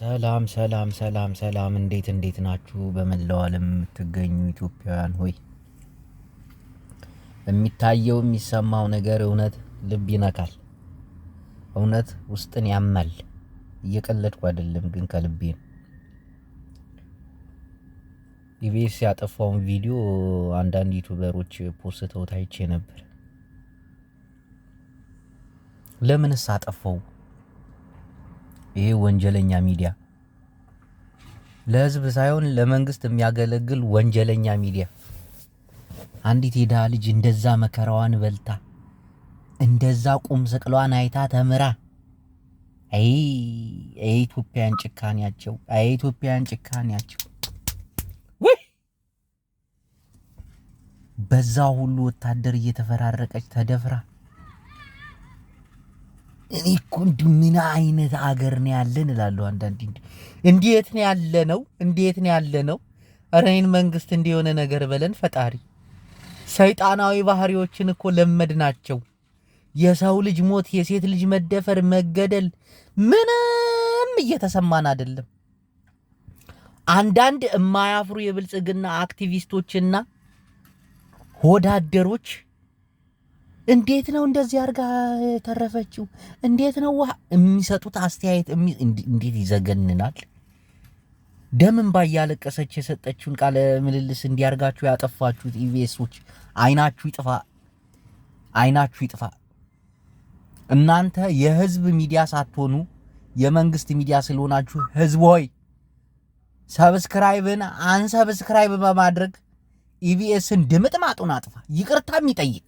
ሰላም ሰላም ሰላም ሰላም፣ እንዴት እንዴት ናችሁ? በመላው ዓለም የምትገኙ ኢትዮጵያውያን ሆይ የሚታየው የሚሰማው ነገር እውነት ልብ ይነካል፣ እውነት ውስጥን ያማል። እየቀለድኩ አይደለም፣ ግን ከልቤ ነው። ኢቢኤስ ያጠፋውን ቪዲዮ አንዳንድ ዩቱበሮች ፖስተው ታይቼ ነበር። ለምንስ አጠፋው? ይሄ ወንጀለኛ ሚዲያ ለህዝብ ሳይሆን ለመንግስት የሚያገለግል ወንጀለኛ ሚዲያ። አንዲት የድሃ ልጅ እንደዛ መከራዋን በልታ እንደዛ ቁም ስቅሏን አይታ ተምራ፣ አይ የኢትዮጵያን ጭካኔያቸው፣ አይ የኢትዮጵያን ጭካኔያቸው። በዛ ሁሉ ወታደር እየተፈራረቀች ተደፍራ እኔ እኮ እንዲሁ ምን አይነት አገር ነው ያለን እላለሁ አንዳንዴ። እንዴት ነው ያለ ነው? እንዴት ነው ያለ ነው? ኧረ እኔን መንግስት እንዲሆነ ነገር በለን ፈጣሪ። ሰይጣናዊ ባህሪዎችን እኮ ለመድ ናቸው የሰው ልጅ ሞት፣ የሴት ልጅ መደፈር፣ መገደል ምንም እየተሰማን አይደለም። አንዳንድ የማያፍሩ የብልጽግና አክቲቪስቶችና ሆዳደሮች እንዴት ነው እንደዚህ አድርጋ የተረፈችው? እንዴት ነው ውሃ የሚሰጡት አስተያየት እንዴት ይዘገንናል። ደምን ባያለቀሰች የሰጠችውን ቃለ ምልልስ እንዲያርጋችሁ ያጠፋችሁት ኢቢኤሶች አይናችሁ ይጥፋ፣ አይናችሁ ይጥፋ። እናንተ የህዝብ ሚዲያ ሳትሆኑ የመንግስት ሚዲያ ስለሆናችሁ ህዝብ ሆይ ሰብስክራይብን አንሰብስክራይብ በማድረግ ኢቢኤስን ድምጥማጡን አጥፋ። ይቅርታም ይጠይቅ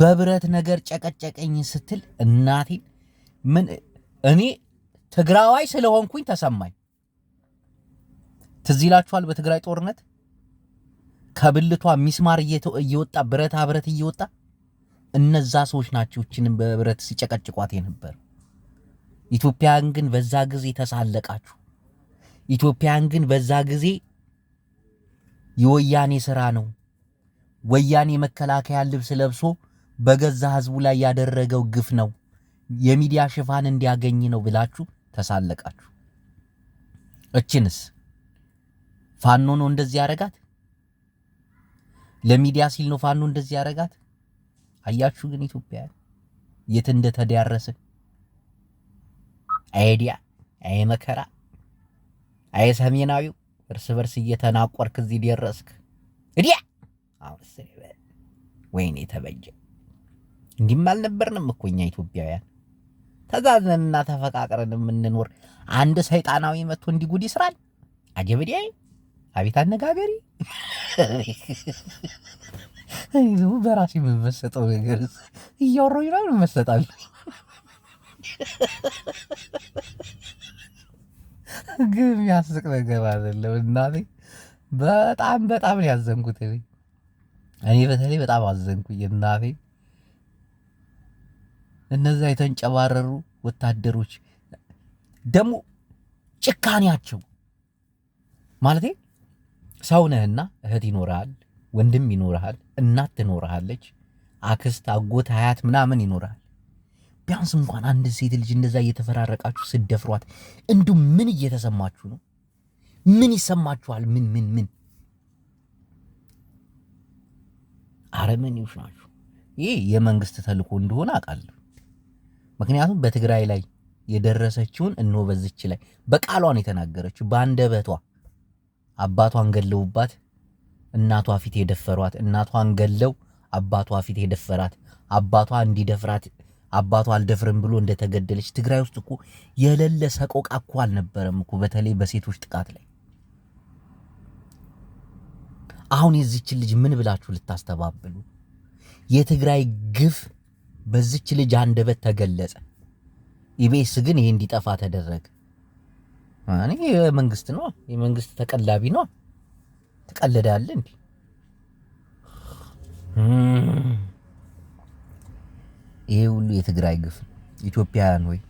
በብረት ነገር ጨቀጨቀኝ ስትል እናቴን ምን እኔ ትግራዋይ ስለሆንኩኝ ተሰማኝ። ትዝ ይላችኋል በትግራይ ጦርነት ከብልቷ ሚስማር እየወጣ ብረታ ብረት እየወጣ እነዛ ሰዎች ናቸው እችንም በብረት ሲጨቀጭቋት የነበር። ኢትዮጵያን ግን በዛ ጊዜ ተሳለቃችሁ። ኢትዮጵያን ግን በዛ ጊዜ የወያኔ ስራ ነው ወያኔ መከላከያ ልብስ ለብሶ በገዛ ህዝቡ ላይ ያደረገው ግፍ ነው፣ የሚዲያ ሽፋን እንዲያገኝ ነው ብላችሁ ተሳለቃችሁ። እችንስ ፋኖ ነው እንደዚህ ያረጋት? ለሚዲያ ሲል ነው ፋኖ እንደዚህ ያረጋት? አያችሁ ግን ኢትዮጵያ የት እንደተዳረሰ አይዲያ አይ መከራ አይ ሰሜናዊው እርስ በርስ እየተናቆርክ እዚህ ደረስክ። እዲያ አሁን ወይኔ ተበጀ። እንዲህም አልነበርንም እኮ እኛ ኢትዮጵያውያን ተዛዝነንና ተፈቃቅረን የምንኖር አንድ ሰይጣናዊ መጥቶ እንዲጉድ ይስራል። አጀብዲያይ አቤት አነጋገሪ በራሴ የምመሰጠው ነገር እያወራሁ ይላል መሰጣል ግን የሚያስቅ ነገር አይደለም። እናቴ በጣም በጣም ያዘንኩት እኔ በተለይ በጣም አዘንኩኝ እናቴ እነዛ የተንጨባረሩ ወታደሮች ደግሞ ጭካኔያቸው ማለቴ ሰው ነህና እህት ይኖርሃል፣ ወንድም ይኖርሃል፣ እናት ትኖርሃለች፣ አክስት፣ አጎት፣ አያት ምናምን ይኖርሃል። ቢያንስ እንኳን አንድ ሴት ልጅ እንደዛ እየተፈራረቃችሁ ስደፍሯት እንዱ ምን እየተሰማችሁ ነው? ምን ይሰማችኋል? ምን ምን ምን አረመኔዎች ናችሁ። ይህ የመንግስት ተልእኮ እንደሆነ አውቃለሁ። ምክንያቱም በትግራይ ላይ የደረሰችውን እነሆ በዝች ላይ በቃሏን የተናገረችው በአንደበቷ አባቷን ገለውባት እናቷ ፊት የደፈሯት እናቷን ገለው አባቷ ፊት የደፈራት አባቷ እንዲደፍራት አባቷ አልደፍርም ብሎ እንደተገደለች ትግራይ ውስጥ እኮ የሌለ ሰቆቃ እኮ አልነበረም እኮ በተለይ በሴቶች ጥቃት ላይ አሁን የዚችን ልጅ ምን ብላችሁ ልታስተባብሉ የትግራይ ግፍ በዚች ልጅ አንደበት ተገለጸ። ኢቤስ ግን ይሄ እንዲጠፋ ተደረገ። አኔ የመንግስት ነው የመንግስት ተቀላቢ ነው። ትቀልዳለህ እንዴ? ይሄ ሁሉ የትግራይ ግፍ ኢትዮጵያውያን ወይ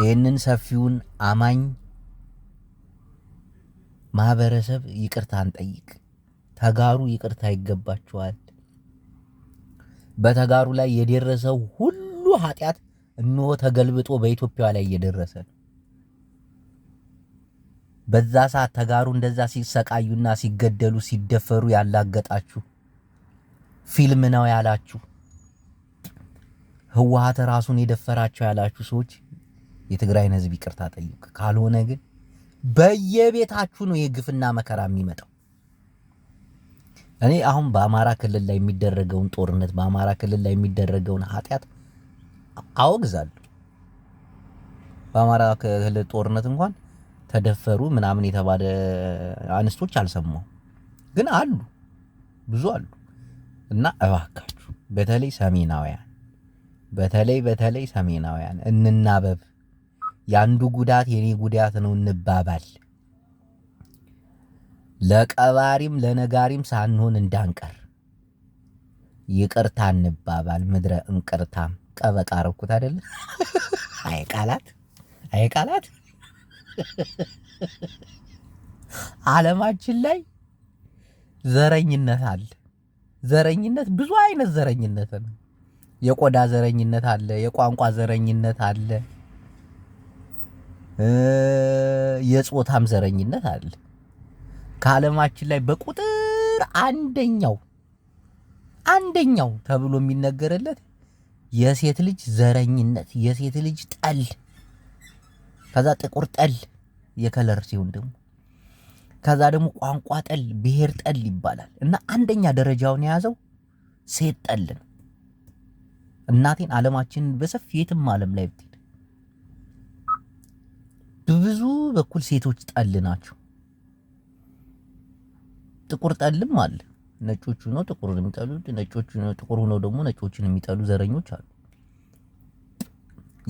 ይህንን ሰፊውን አማኝ ማህበረሰብ ይቅርታ እንጠይቅ። ተጋሩ ይቅርታ ይገባቸዋል። በተጋሩ ላይ የደረሰው ሁሉ ኃጢአት እንሆ ተገልብጦ በኢትዮጵያ ላይ እየደረሰ ነው። በዛ ሰዓት ተጋሩ እንደዛ ሲሰቃዩና ሲገደሉ ሲደፈሩ ያላገጣችሁ ፊልም ነው ያላችሁ ህወሓት ራሱን የደፈራቸው ያላችሁ ሰዎች የትግራይን ህዝብ ይቅርታ ጠይቅ። ካልሆነ ግን በየቤታችሁ ነው የግፍና መከራ የሚመጣው። እኔ አሁን በአማራ ክልል ላይ የሚደረገውን ጦርነት በአማራ ክልል ላይ የሚደረገውን ኃጢአት አወግዛለሁ። በአማራ ክልል ጦርነት እንኳን ተደፈሩ ምናምን የተባለ አንስቶች አልሰማው፣ ግን አሉ፣ ብዙ አሉ። እና እባካችሁ በተለይ ሰሜናውያን በተለይ በተለይ ሰሜናውያን እንናበብ። የአንዱ ጉዳት የኔ ጉዳት ነው እንባባል። ለቀባሪም ለነጋሪም ሳንሆን እንዳንቀር ይቅርታ እንባባል። ምድረ እንቅርታም ቀበቃ ረኩት አይደለ? አይ ቃላት አይ ቃላት አለማችን ላይ ዘረኝነት አለ። ዘረኝነት ብዙ አይነት ዘረኝነት ነው። የቆዳ ዘረኝነት አለ። የቋንቋ ዘረኝነት አለ። የጾታም ዘረኝነት አለ። ከዓለማችን ላይ በቁጥር አንደኛው አንደኛው ተብሎ የሚነገርለት የሴት ልጅ ዘረኝነት፣ የሴት ልጅ ጠል፣ ከዛ ጥቁር ጠል የከለር ሲሆን ደግሞ ከዛ ደግሞ ቋንቋ ጠል፣ ብሔር ጠል ይባላል እና አንደኛ ደረጃውን የያዘው ሴት ጠል ነው። እናቴን ዓለማችንን በሰፊ የትም ዓለም ላይ ብትሄድ ብዙ በኩል ሴቶች ጠል ናቸው። ጥቁር ጠልም አለ። ነጮቹ ነው ጥቁሩን የሚጠሉት። ነጮቹ ነው ጥቁር ሆነው ደግሞ ነጮቹን የሚጠሉ ዘረኞች አሉ።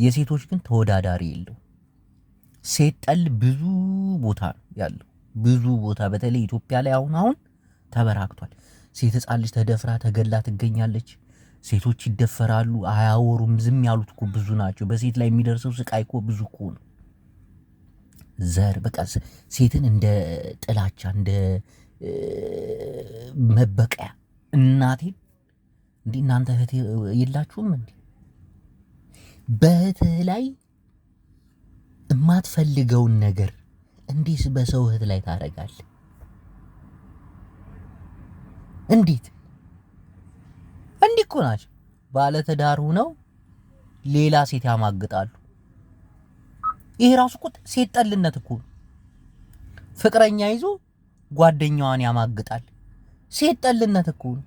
የሴቶች ግን ተወዳዳሪ የለው። ሴት ጠል ብዙ ቦታ ነው ያለው። ብዙ ቦታ በተለይ ኢትዮጵያ ላይ አሁን አሁን ተበራክቷል። ሴት ሕፃን ልጅ ተደፍራ ተገላ ትገኛለች። ሴቶች ይደፈራሉ፣ አያወሩም። ዝም ያሉት እኮ ብዙ ናቸው። በሴት ላይ የሚደርሰው ስቃይ እኮ ብዙ እኮ ነው። ዘር በቃ ሴትን እንደ ጥላቻ እንደ መበቀያ እናቴን እንዲ እናንተ እህት የላችሁም እንዲ በእህትህ ላይ የማትፈልገውን ነገር እንዲህ በሰው እህት ላይ ታደርጋለህ? እንዴት እንዲህ እኮ ናቸው። ባለትዳር ሆነው ሌላ ሴት ያማግጣሉ። ይሄ ራሱ ቁጥ ሴት ጠልነት እኮ ፍቅረኛ ይዞ ጓደኛዋን ያማግጣል። ሴት ጠልነት እኮ ነው።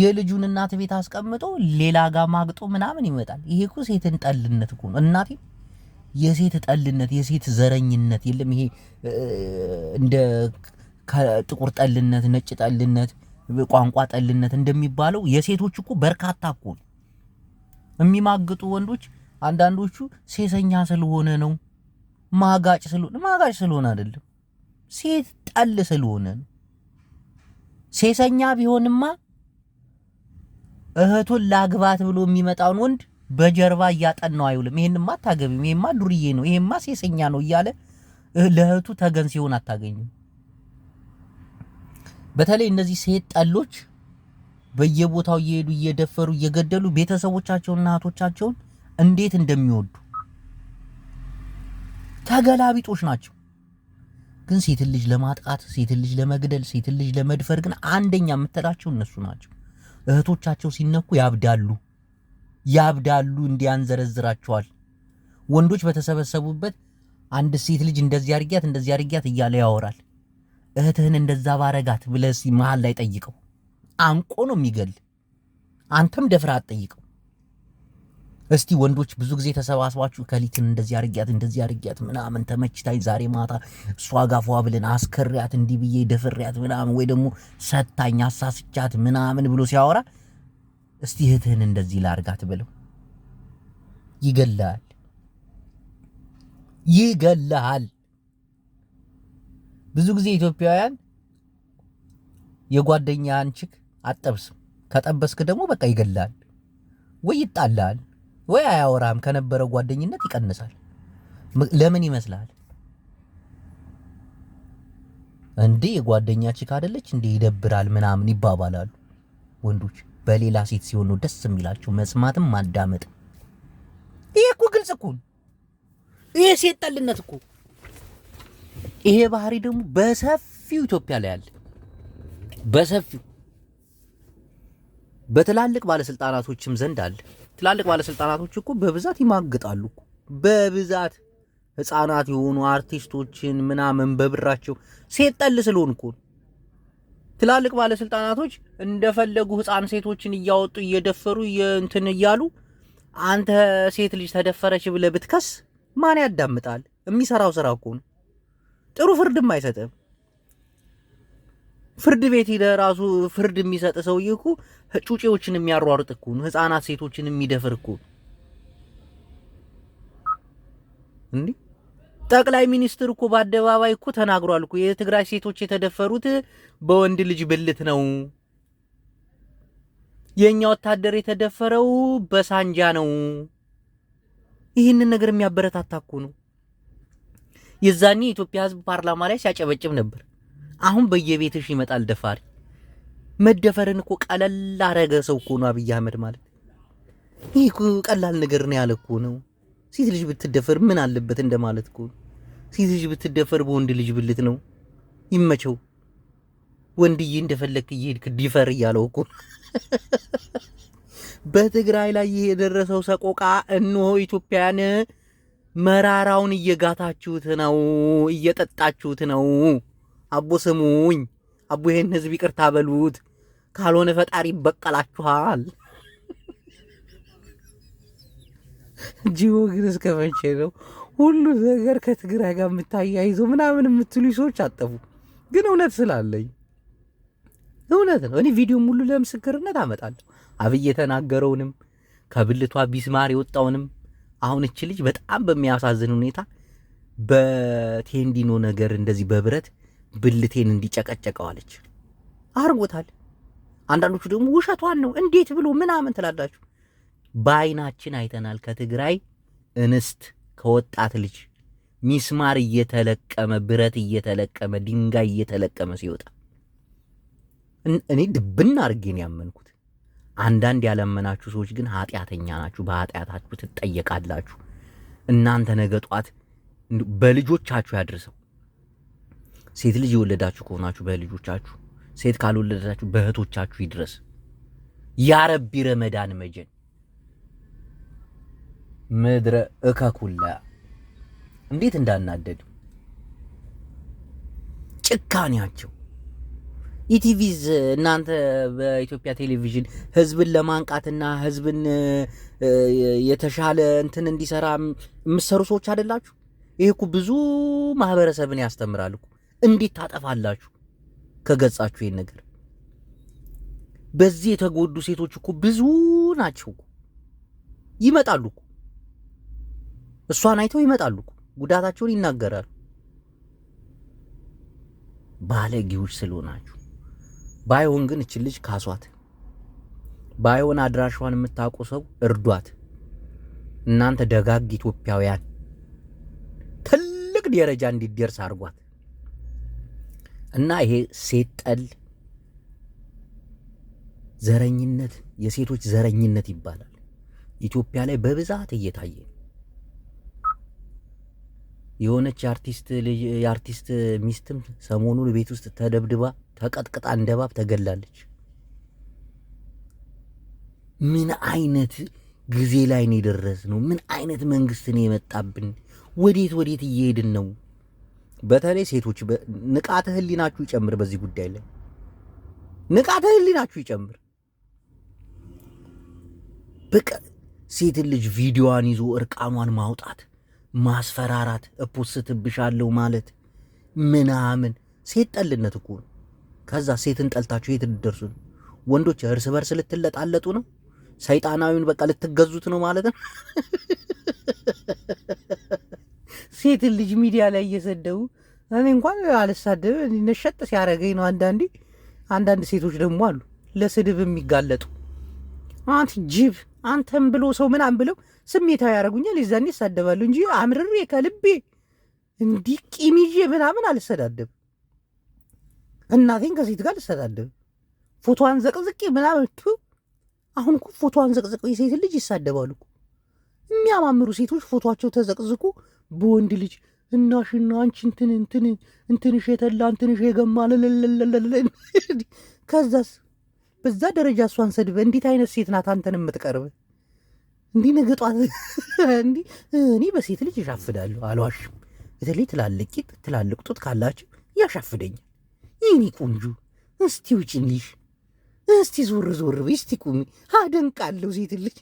የልጁን እናት ቤት አስቀምጦ ሌላ ጋር ማግጦ ምናምን ይመጣል። ይሄ እኮ ሴትን ጠልነት እኮ ነው። እናቴ የሴት ጠልነት፣ የሴት ዘረኝነት የለም። ይሄ እንደ ጥቁር ጠልነት፣ ነጭ ጠልነት፣ ቋንቋ ጠልነት እንደሚባለው የሴቶች እኮ በርካታ እኮ ነው የሚማግጡ ወንዶች። አንዳንዶቹ ሴሰኛ ስለሆነ ነው ማጋጭ ስለሆነ ማጋጭ ስለሆነ አይደለም ሴት ጠል ስለሆነ ነው። ሴሰኛ ቢሆንማ እህቱን ላግባት ብሎ የሚመጣውን ወንድ በጀርባ እያጠናው አይውልም። ይሄንማ አታገቢም፣ ይሄማ ዱርዬ ነው፣ ይሄማ ሴሰኛ ነው እያለ ለእህቱ ተገን ሲሆን አታገኝም በተለይ እነዚህ ሴት ጠሎች በየቦታው እየሄዱ እየደፈሩ እየገደሉ ቤተሰቦቻቸውንና እህቶቻቸውን እንዴት እንደሚወዱ ተገላቢጦች ናቸው። ግን ሴትን ልጅ ለማጥቃት፣ ሴትን ልጅ ለመግደል፣ ሴትን ልጅ ለመድፈር ግን አንደኛ የምትላቸው እነሱ ናቸው። እህቶቻቸው ሲነኩ ያብዳሉ ያብዳሉ እንዲያንዘረዝራቸዋል። ወንዶች በተሰበሰቡበት አንድ ሴት ልጅ እንደዚህ አርጊያት እንደዚህ አርጊያት እያለ ያወራል። እህትህን እንደዛ ባረጋት ብለህ መሀል ላይ ጠይቀው፣ አንቆ ነው የሚገል። አንተም ደፍራ አትጠይቀው። እስቲ ወንዶች ብዙ ጊዜ ተሰባስባችሁ ከሊትን እንደዚህ አርጊያት እንደዚህ አርጊያት ምናምን ተመችታኝ ዛሬ ማታ እሷ ጋፏ ብለን አስከሪያት እንዲህ ብዬ ደፍሪያት ምናምን ወይ ደግሞ ሰታኝ አሳስቻት ምናምን ብሎ ሲያወራ እስቲ እህትህን እንደዚህ ላርጋት ብለው ይገላል፣ ይገላል። ብዙ ጊዜ ኢትዮጵያውያን የጓደኛን ችክ አጠብስም፣ ከጠበስክ ደግሞ በቃ ይገላል ወይ ይጣላል። ወይ አያወራም ከነበረው ጓደኝነት ይቀንሳል። ለምን ይመስላል? እንዴ ጓደኛች ካደለች እንዴ ይደብራል ምናምን ይባባላሉ ወንዶች። በሌላ ሴት ሲሆኑ ደስ የሚላቸው መስማትም ማዳመጥ። ይሄ እኮ ግልጽ እኮ ይሄ ሴት ጠልነት እኮ ይሄ ባህሪ ደግሞ በሰፊው ኢትዮጵያ ላይ አለ። በሰፊው በትላልቅ ባለስልጣናቶችም ዘንድ አለ። ትላልቅ ባለስልጣናቶች እኮ በብዛት ይማግጣሉ። በብዛት ህፃናት የሆኑ አርቲስቶችን ምናምን በብራቸው ሴት ጠል ስለሆን እኮ ትላልቅ ባለስልጣናቶች እንደፈለጉ ህፃን ሴቶችን እያወጡ እየደፈሩ እንትን እያሉ አንተ ሴት ልጅ ተደፈረች ብለህ ብትከስ ማን ያዳምጣል? የሚሰራው ስራ እኮ ነው። ጥሩ ፍርድም አይሰጥም። ፍርድ ቤት ሄደ ራሱ ፍርድ የሚሰጥ ሰውዬ እኮ ጩጬዎችን የሚያሯርጥ እኮ ነው። ህፃናት ሴቶችን የሚደፍር እኮ እንዴ! ጠቅላይ ሚኒስትር እኮ በአደባባይ እኮ ተናግሯል እኮ የትግራይ ሴቶች የተደፈሩት በወንድ ልጅ ብልት ነው፣ የእኛ ወታደር የተደፈረው በሳንጃ ነው። ይህንን ነገር የሚያበረታታ እኮ ነው። የዛኔ የኢትዮጵያ ህዝብ ፓርላማ ላይ ሲያጨበጭብ ነበር። አሁን በየቤትሽ ይመጣል ደፋሪ። መደፈርን እኮ ቀለል አረገ ሰው እኮ ነው አብይ አህመድ ማለት። ይህ ቀላል ነገር ነው ያለ እኮ ነው። ሴት ልጅ ብትደፈር ምን አለበት እንደማለት እኮ። ሴት ልጅ ብትደፈር በወንድ ልጅ ብልት ነው ይመቸው። ወንድዬ እንደፈለክ እየሄድክ ዲፈር እያለው እኮ በትግራይ ላይ ይህ የደረሰው ሰቆቃ እንሆ ኢትዮጵያን መራራውን እየጋታችሁት ነው፣ እየጠጣችሁት ነው። አቦ ስሙኝ፣ አቦ ይሄን ህዝብ ይቅርታ በሉት፣ ካልሆነ ፈጣሪ ይበቀላችኋል። ጅቦ ግን እስከ መቼ ነው ሁሉ ነገር ከትግራይ ጋር የምታያይዘው ምናምን የምትሉ ሰዎች አጠፉ። ግን እውነት ስላለኝ እውነት ነው። እኔ ቪዲዮም ሁሉ ለምስክርነት አመጣለሁ። አብይ የተናገረውንም ከብልቷ ቢስማር የወጣውንም አሁን እች ልጅ በጣም በሚያሳዝን ሁኔታ በቴንዲኖ ነገር እንደዚህ በብረት ብልቴን እንዲጨቀጨቀዋለች አርጎታል። አንዳንዶቹ ደግሞ ውሸቷን ነው እንዴት ብሎ ምናምን ትላላችሁ። በአይናችን አይተናል። ከትግራይ እንስት ከወጣት ልጅ ሚስማር እየተለቀመ ብረት እየተለቀመ ድንጋይ እየተለቀመ ሲወጣ እኔ ድብና አድርጌን ያመንኩት። አንዳንድ ያላመናችሁ ሰዎች ግን ኃጢአተኛ ናችሁ፣ በኃጢአታችሁ ትጠየቃላችሁ። እናንተ ነገ ጧት በልጆቻችሁ ያድርሰው። ሴት ልጅ የወለዳችሁ ከሆናችሁ በልጆቻችሁ፣ ሴት ካልወለዳችሁ በእህቶቻችሁ ይድረስ። ያረቢ ረመዳን መጀን ምድረ እከኩላ እንዴት እንዳናደዱ ጭካኔያቸው ኢቲቪዝ እናንተ በኢትዮጵያ ቴሌቪዥን ህዝብን ለማንቃትና ህዝብን የተሻለ እንትን እንዲሰራ የምትሰሩ ሰዎች አይደላችሁ። ይህ እኮ ብዙ ማህበረሰብን ያስተምራል እኮ እንዴት ታጠፋላችሁ ከገጻችሁ ይህን ነገር? በዚህ የተጎዱ ሴቶች እኮ ብዙ ናቸው ይመጣሉ እኮ እሷን አይተው ይመጣሉ እኮ ጉዳታቸውን ይናገራሉ። ባለጌዎች ስለሆናችሁ። ባይሆን ግን እችን ልጅ ካሷት። ባይሆን አድራሿን የምታውቁ ሰው እርዷት። እናንተ ደጋግ ኢትዮጵያውያን ትልቅ ደረጃ እንዲደርስ አድርጓት። እና ይሄ ሴት ጠል ዘረኝነት፣ የሴቶች ዘረኝነት ይባላል ኢትዮጵያ ላይ በብዛት እየታየ የሆነች የአርቲስት ልጅ የአርቲስት ሚስትም ሰሞኑን ቤት ውስጥ ተደብድባ ተቀጥቅጣ እንደባብ ተገላለች። ምን አይነት ጊዜ ላይ ነው የደረስነው? ምን አይነት መንግስት ነው የመጣብን? ወዴት ወዴት እየሄድን ነው? በተለይ ሴቶች ንቃተ ህሊናችሁ ይጨምር። በዚህ ጉዳይ ላይ ንቃተ ህሊናችሁ ይጨምር። በቃ ሴትን ልጅ ቪዲዮዋን ይዞ እርቃኗን ማውጣት፣ ማስፈራራት፣ እፖስትብሻለሁ ማለት ምናምን ሴት ጠልነት እኮ ነው። ከዛ ሴትን ጠልታችሁ የት ልደርሱ ነው? ወንዶች እርስ በርስ ልትለጣለጡ ነው። ሰይጣናዊውን በቃ ልትገዙት ነው ማለት ነው። ሴትን ልጅ ሚዲያ ላይ እየሰደቡ እኔ እንኳን አልሳደብ ነሸጥ ሲያደርገኝ ነው። አንዳንዴ አንዳንድ ሴቶች ደግሞ አሉ ለስድብ የሚጋለጡ አንት ጅብ አንተም ብሎ ሰው ምናምን ብለው ስሜታዊ ያደርጉኛል። ይዛኔ ይሳደባሉ እንጂ አምርሬ ከልቤ እንዲህ ቂም ይዤ ምናምን አልሰዳደብ እናቴን ከሴት ጋር አልሰዳደብም። ፎቶዋን ዘቅዝቄ ምናምን አሁን እኮ ፎቶዋን ዘቅዝቅ የሴት ልጅ ይሳደባሉ። የሚያማምሩ ሴቶች ፎቶቸው ተዘቅዝቁ በወንድ ልጅ እናሽና አንቺ እንትን እንትን እንትንሽ የተላ እንትንሽ የገማ ለለለለለለ ከዛስ በዛ ደረጃ እሷን ሰድበ እንዴት አይነት ሴት ናት አንተን የምትቀርብ? እንዲህ ነገጧት። ጧት እንዲህ እኔ በሴት ልጅ እሻፍዳለሁ፣ አልዋሽም። በተለይ ትላልቅ ቂጥ ትላልቅ ጡት ካላቸው ያሻፍደኛል። ይህኒ ቆንጆ እስቲ ውጭንሽ እስቲ ዞር ዞር በይ እስቲ ቁሚ፣ አደንቃለሁ ሴት ልጅ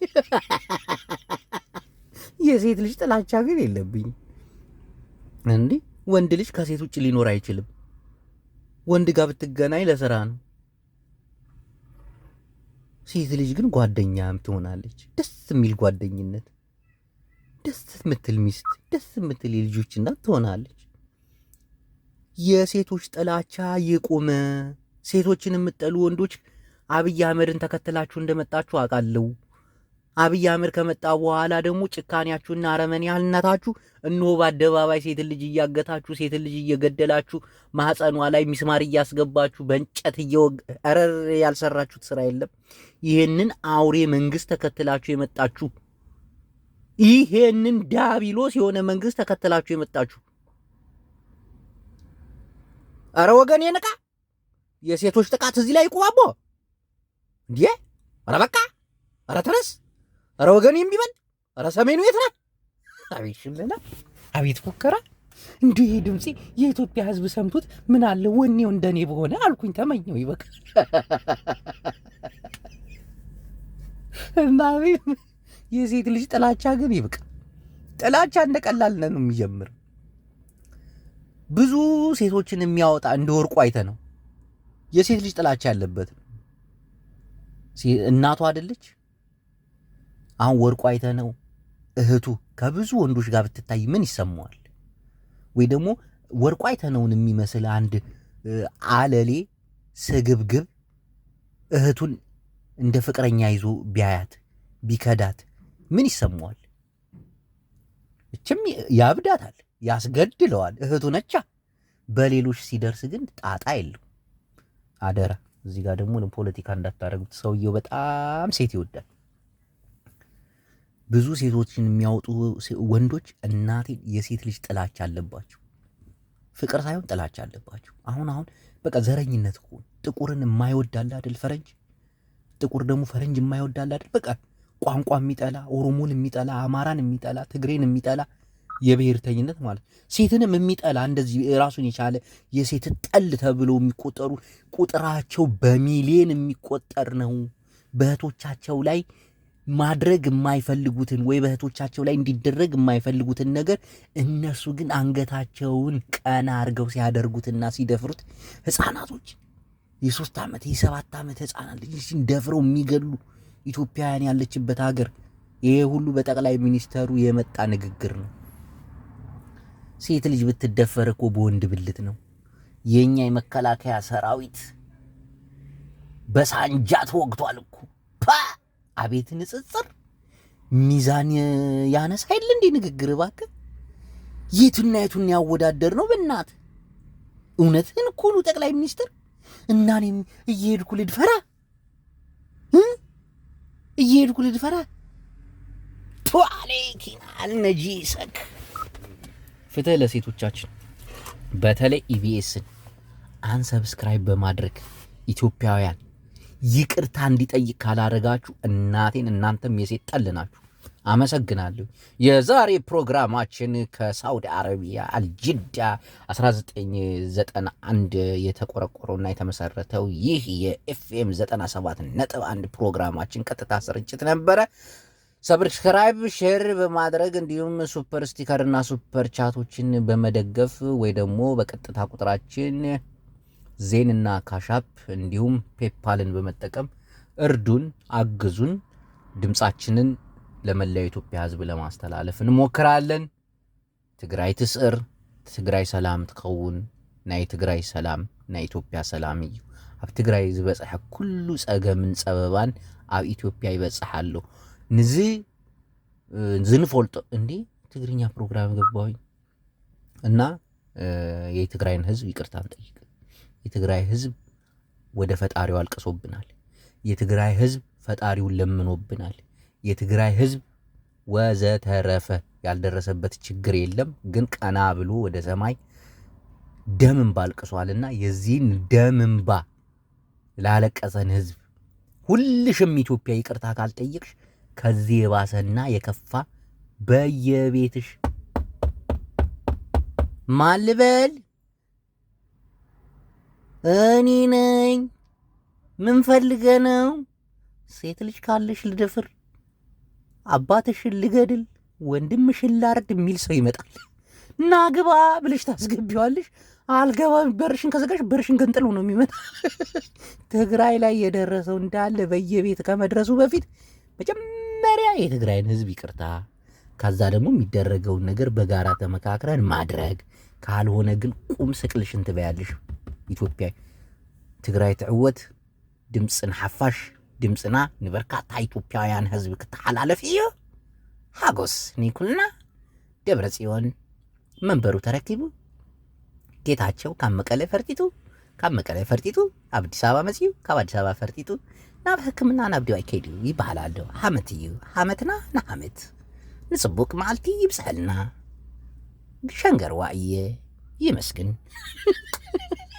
የሴት ልጅ ጥላቻ ግን የለብኝ እንዲህ ወንድ ልጅ ከሴት ውጭ ሊኖር አይችልም። ወንድ ጋር ብትገናኝ ለስራ ነው። ሴት ልጅ ግን ጓደኛም ትሆናለች። ደስ የሚል ጓደኝነት፣ ደስ የምትል ሚስት፣ ደስ የምትል የልጆች እናት ትሆናለች። የሴቶች ጥላቻ የቆመ ሴቶችን የምጠሉ ወንዶች አብይ አህመድን ተከትላችሁ እንደመጣችሁ አውቃለሁ። አብይ አህመድ ከመጣ በኋላ ደግሞ ጭካኔያችሁና አረመኔያልነታችሁ እንሆ በአደባባይ ሴትን ልጅ እያገታችሁ፣ ሴትን ልጅ እየገደላችሁ፣ ማህፀኗ ላይ ሚስማር እያስገባችሁ፣ በእንጨት እየወግ ረር ያልሰራችሁት ስራ የለም። ይህንን አውሬ መንግስት ተከትላችሁ የመጣችሁ ይሄንን ዳቢሎስ የሆነ መንግስት ተከትላችሁ የመጣችሁ አረ ወገን የነቃ የሴቶች ጥቃት እዚህ ላይ ይቁባቦ እንዴ! አረ በቃ አረ ተነስ። ኧረ ወገን የሚበል ኧረ ሰሜኑ የት ናት? አቤት ሽለላ፣ አቤት ፉከራ። እንዲህ ድምፄ የኢትዮጵያ ሕዝብ ሰምቶት ምን አለ ወኔው እንደኔ በሆነ አልኩኝ። ተመኘው ይበቃል። እማቤ የሴት ልጅ ጥላቻ ግን ይብቃ። ጥላቻ እንደ ቀላል ነው የሚጀምር ብዙ ሴቶችን የሚያወጣ እንደ ወርቁ አይተ ነው። የሴት ልጅ ጥላቻ ያለበት እናቷ አይደለች አሁን ወርቁ አይተ ነው እህቱ ከብዙ ወንዶች ጋር ብትታይ ምን ይሰማዋል? ወይ ደግሞ ወርቁ አይተ ነውን የሚመስል አንድ አለሌ ስግብግብ እህቱን እንደ ፍቅረኛ ይዞ ቢያያት ቢከዳት ምን ይሰማዋል? እችም ያብዳታል፣ ያስገድለዋል። እህቱ ነቻ። በሌሎች ሲደርስ ግን ጣጣ የለው። አደራ እዚህ ጋር ደግሞ ፖለቲካ እንዳታደርጉት። ሰውየው በጣም ሴት ይወዳል። ብዙ ሴቶችን የሚያወጡ ወንዶች እናቴ የሴት ልጅ ጥላቻ አለባቸው። ፍቅር ሳይሆን ጥላቻ አለባቸው። አሁን አሁን በቃ ዘረኝነት እኮ ጥቁርን የማይወዳል አይደል? ፈረንጅ ጥቁር ደግሞ ፈረንጅ የማይወዳል አይደል? በቃ ቋንቋ የሚጠላ ኦሮሞን የሚጠላ አማራን የሚጠላ ትግሬን የሚጠላ የብሔርተኝነት ማለት ሴትንም የሚጠላ እንደዚህ ራሱን የቻለ የሴት ጠል ተብሎ የሚቆጠሩ ቁጥራቸው በሚሊየን የሚቆጠር ነው በእህቶቻቸው ላይ ማድረግ የማይፈልጉትን ወይ በእህቶቻቸው ላይ እንዲደረግ የማይፈልጉትን ነገር እነሱ ግን አንገታቸውን ቀና አድርገው ሲያደርጉትና ሲደፍሩት ህፃናቶች የሶስት ዓመት የሰባት ዓመት ህፃናት ልጆችን ደፍረው የሚገሉ ኢትዮጵያውያን ያለችበት ሀገር ይሄ ሁሉ በጠቅላይ ሚኒስተሩ የመጣ ንግግር ነው። ሴት ልጅ ብትደፈር እኮ በወንድ ብልት ነው። የእኛ የመከላከያ ሰራዊት በሳንጃ ተወግቷል እኮ አቤት ንጽጽር ሚዛን ያነሳ የለ እንዴ ንግግር እባክህ። የቱና የቱን ያወዳደር ነው? በእናት እውነትህን እኮ ነው ጠቅላይ ሚኒስትር። እና እኔም እየሄድኩ ልድፈራ እየሄድኩ ልድፈራ ቷሌኪናል ነጂሰክ ፍትህ ለሴቶቻችን በተለይ ኢቢኤስን አንሰብስክራይብ በማድረግ ኢትዮጵያውያን ይቅርታ እንዲጠይቅ ካላደረጋችሁ እናቴን እናንተም የሴት ጠል ናችሁ። አመሰግናለሁ። የዛሬ ፕሮግራማችን ከሳውዲ አረቢያ አልጅዳ 1991 የተቆረቆረውና የተመሰረተው ይህ የኤፍኤም 97 ነጥብ አንድ ፕሮግራማችን ቀጥታ ስርጭት ነበረ። ሰብስክራይብ ሼር በማድረግ እንዲሁም ሱፐር ስቲከርና ሱፐር ቻቶችን በመደገፍ ወይ ደግሞ በቀጥታ ቁጥራችን ዜንና ካሻፕ እንዲሁም ፔፓልን በመጠቀም እርዱን፣ አግዙን። ድምፃችንን ለመላው የኢትዮጵያ ሕዝብ ለማስተላለፍ እንሞክራለን። ትግራይ ትስዕር፣ ትግራይ ሰላም ትኸውን። ናይ ትግራይ ሰላም ናይ ኢትዮጵያ ሰላም እዩ። ኣብ ትግራይ ዝበፅሐ ኩሉ ፀገምን ፀበባን ኣብ ኢትዮጵያ ይበፅሕ ኣሎ ንዚ ዝንፈልጦ እንዲ ትግርኛ ፕሮግራም ገባዊ እና የትግራይን ህዝብ ይቅርታ ንጠይቅ። የትግራይ ህዝብ ወደ ፈጣሪው አልቅሶብናል። የትግራይ ህዝብ ፈጣሪውን ለምኖብናል። የትግራይ ህዝብ ወዘተረፈ ያልደረሰበት ችግር የለም። ግን ቀና ብሎ ወደ ሰማይ ደም እንባ አልቅሷልና የዚህን ደም እንባ ላለቀሰን ህዝብ ሁልሽም ኢትዮጵያ ይቅርታ ካልጠየቅሽ ከዚህ የባሰና የከፋ በየቤትሽ ማልበል እኔ ነኝ። ምን ፈልገ ነው? ሴት ልጅ ካለሽ ልደፍር፣ አባትሽን ልገድል፣ ወንድምሽን ላርድ የሚል ሰው ይመጣል እና ግባ ብለሽ ታስገቢዋለሽ። አልገባ በርሽን ከዘጋሽ በርሽን ገንጥሎ ነው የሚመጣ። ትግራይ ላይ የደረሰው እንዳለ በየቤት ከመድረሱ በፊት መጀመሪያ የትግራይን ህዝብ ይቅርታ፣ ከዛ ደግሞ የሚደረገውን ነገር በጋራ ተመካክረን ማድረግ ካልሆነ ግን ቁም ስቅልሽን ትበያለሽ። ኢትዮጵያ ትግራይ ትዕወት ድምፅን ሓፋሽ ድምፅና ንበርካታ ኢትዮጵያውያን ህዝቢ ክተሓላለፍ እዩ ሓጎስ ንኩልና ደብረ ጽዮን መንበሩ ተረኪቡ ጌታቸው ካብ መቀለ ፈርጢቱ ካብ መቀለ ፈርጢቱ ኣብ ኣዲስ ኣበባ መፅኡ ካብ ኣዲስ ኣበባ ፈርጢቱ ናብ ሕክምና ናብ ዲዋይ ከይድ ይበሃል ኣሎ ሓመት እዩ ሓመትና ንሓመት ንፅቡቅ መዓልቲ ይብፅሐልና ሸንገርዋ እየ ይመስግን